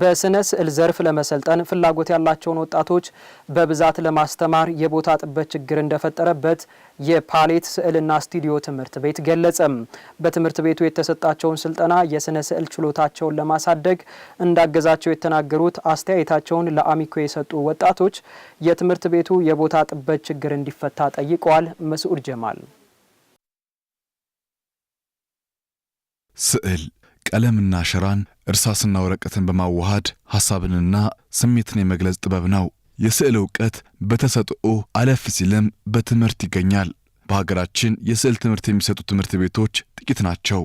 በስነ ስዕል ዘርፍ ለመሰልጠን ፍላጎት ያላቸውን ወጣቶች በብዛት ለማስተማር የቦታ ጥበት ችግር እንደፈጠረበት የፓሌት ስዕልና ስቱዲዮ ትምህርት ቤት ገለጸም። በትምህርት ቤቱ የተሰጣቸውን ስልጠና የስነ ስዕል ችሎታቸውን ለማሳደግ እንዳገዛቸው የተናገሩት አስተያየታቸውን ለአሚኮ የሰጡ ወጣቶች የትምህርት ቤቱ የቦታ ጥበት ችግር እንዲፈታ ጠይቀዋል። መስዑድ ጀማል ስዕል ቀለምና ሸራን እርሳስና ወረቀትን በማዋሃድ ሐሳብንና ስሜትን የመግለጽ ጥበብ ነው። የስዕል ዕውቀት በተሰጥኦ አለፍ ሲልም በትምህርት ይገኛል። በሀገራችን የስዕል ትምህርት የሚሰጡ ትምህርት ቤቶች ጥቂት ናቸው።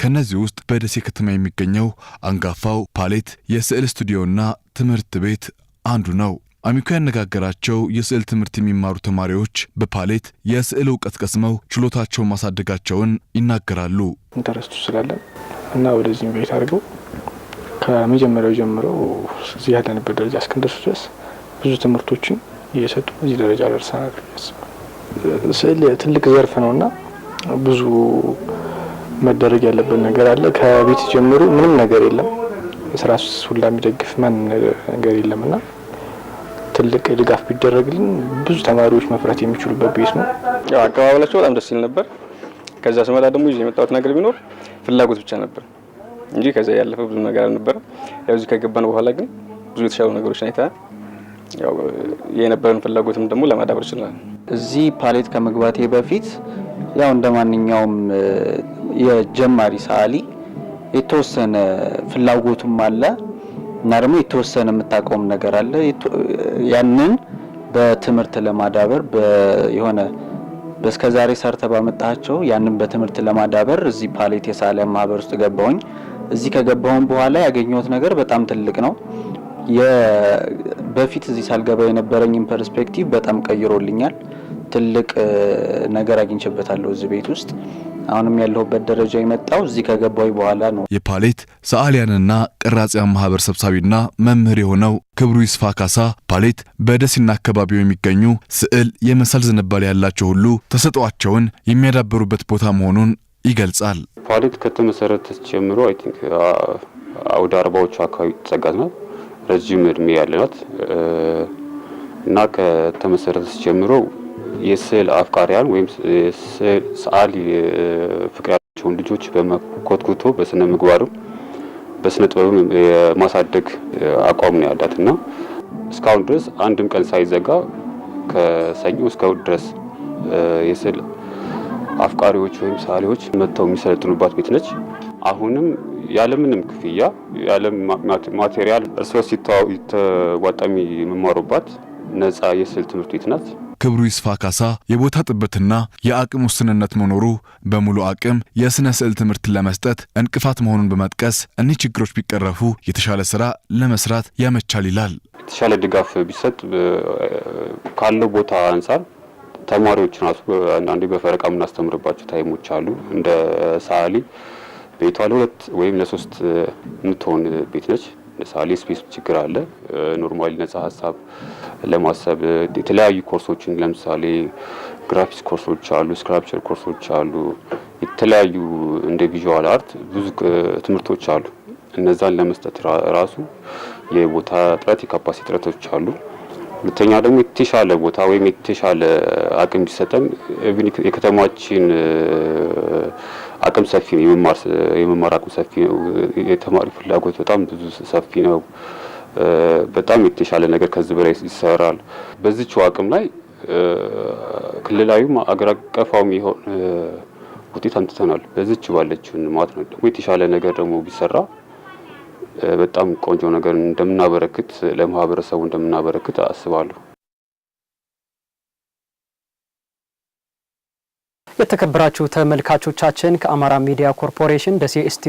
ከእነዚህ ውስጥ በደሴ ከተማ የሚገኘው አንጋፋው ፓሌት የስዕል ስቱዲዮና ትምህርት ቤት አንዱ ነው። አሚኮ ያነጋገራቸው የስዕል ትምህርት የሚማሩ ተማሪዎች በፓሌት የስዕል እውቀት ቀስመው ችሎታቸውን ማሳደጋቸውን ይናገራሉ። ኢንተረስቱ ስላለን እና ወደዚህ ኢንቫይት አድርገው ከመጀመሪያው ጀምሮ እዚህ ያለንበት ደረጃ እስክንደርሱ ድረስ ብዙ ትምህርቶችን እየሰጡ እዚህ ደረጃ ደርሰናል። ስዕል ትልቅ ዘርፍ ነው እና ብዙ መደረግ ያለበት ነገር አለ። ከቤት ጀምሮ ምንም ነገር የለም፣ ስራ ሁላ የሚደግፍ ማን ነገር የለም እና ትልቅ ድጋፍ ቢደረግልን ብዙ ተማሪዎች መፍራት የሚችሉበት ቤት ነው። አቀባበላቸው በጣም ደስ ይል ነበር። ከዛ ስመጣ ደግሞ ይዤ የመጣሁት ነገር ቢኖር ፍላጎት ብቻ ነበር እንጂ ከዚያ ያለፈ ብዙ ነገር አልነበረም። ያው እዚህ ከገባን በኋላ ግን ብዙ የተሻሉ ነገሮች አይታ የነበረን ፍላጎትም ደግሞ ለማዳበር ችላል። እዚህ ፓሌት ከመግባቴ በፊት ያው እንደ ማንኛውም የጀማሪ ሰዓሊ የተወሰነ ፍላጎቱም አለ እና ደግሞ የተወሰነ የምታውቀውም ነገር አለ። ያንን በትምህርት ለማዳበር የሆነ በስከ ዛሬ ሰርተ ባመጣቸው ያንን በትምህርት ለማዳበር እዚህ ፓሌት የሳለ ማህበር ውስጥ ገባውኝ እዚህ ከገባውን በኋላ ያገኘሁት ነገር በጣም ትልቅ ነው። በፊት እዚህ ሳልገባ የነበረኝን ፐርስፔክቲቭ በጣም ቀይሮልኛል። ትልቅ ነገር አግኝቼበታለሁ እዚህ ቤት ውስጥ አሁንም ያለሁበት ደረጃ የመጣው እዚህ ከገባሁ በኋላ ነው። የፓሌት ሰዓሊያንና ቅራጺያን ማህበር ሰብሳቢና መምህር የሆነው ክብሩ ይስፋ ካሳ ፓሌት በደሴና አካባቢው የሚገኙ ስዕል የመሳል ዝንባሌ ያላቸው ሁሉ ተሰጧቸውን የሚያዳብሩበት ቦታ መሆኑን ይገልጻል። ፓሌት ከተመሰረተ ጀምሮ አይ ቲንክ ወደ አርባዎቹ አካባቢ ጸጋት ነው ረዥም እድሜ ያለናት እና ከተመሰረተ ጀምሮ የስዕል አፍቃሪያን ወይም ሰዓሊ ፍቅር ያላቸውን ልጆች በመኮትኩቶ በስነ ምግባርም በስነ ጥበብም የማሳደግ አቋም ነው ያላት እና እስካሁን ድረስ አንድም ቀን ሳይዘጋ ከሰኞ እስከ እሑድ ድረስ የስዕል አፍቃሪዎች ወይም ሰዓሊዎች መጥተው የሚሰለጥኑባት ቤት ነች። አሁንም ያለምንም ክፍያ ያለም ማቴሪያል እርስ በርስ ሲተዋጣሚ የመማሩባት ነፃ የስዕል ትምህርት ቤት ናት። ክብሩ ይስፋ ካሳ የቦታ ጥበትና የአቅም ውስንነት መኖሩ በሙሉ አቅም የሥነ ስዕል ትምህርትን ለመስጠት እንቅፋት መሆኑን በመጥቀስ እኒህ ችግሮች ቢቀረፉ የተሻለ ስራ ለመስራት ያመቻል ይላል። የተሻለ ድጋፍ ቢሰጥ ካለው ቦታ አንጻር ተማሪዎች ራሱ አንዳንዴ በፈረቃ የምናስተምርባቸው ታይሞች አሉ። እንደ ሳሊ ቤቷ ለሁለት ወይም ለሶስት የምትሆን ቤት ነች። ለምሳሌ ስፔስ ችግር አለ። ኖርማሊ ነጻ ሀሳብ ለማሰብ የተለያዩ ኮርሶችን ለምሳሌ ግራፊክስ ኮርሶች አሉ፣ ስክራፕቸር ኮርሶች አሉ። የተለያዩ እንደ ቪዥዋል አርት ብዙ ትምህርቶች አሉ። እነዛን ለመስጠት ራሱ የቦታ እጥረት፣ የካፓሲቲ እጥረቶች አሉ። ሁለተኛ ደግሞ የተሻለ ቦታ ወይም የተሻለ አቅም ቢሰጠም የከተማችን። አቅም ሰፊ ነው። የመማር የመማር አቅም ሰፊ ነው። የተማሪ ፍላጎት በጣም ብዙ ሰፊ ነው። በጣም የተሻለ ነገር ከዚህ በላይ ይሰራል። በዚችው አቅም ላይ ክልላዊም አገር አቀፋዊም የሆነ ውጤት አምጥተናል። በዚች ባለችው ማለት ነው። ደግሞ የተሻለ ነገር ደግሞ ቢሰራ በጣም ቆንጆ ነገር እንደምናበረክት ለማህበረሰቡ እንደምናበረክት አስባለሁ። የተከበራችሁ ተመልካቾቻችን ከአማራ ሚዲያ ኮርፖሬሽን ደሴ ስቱዲዮ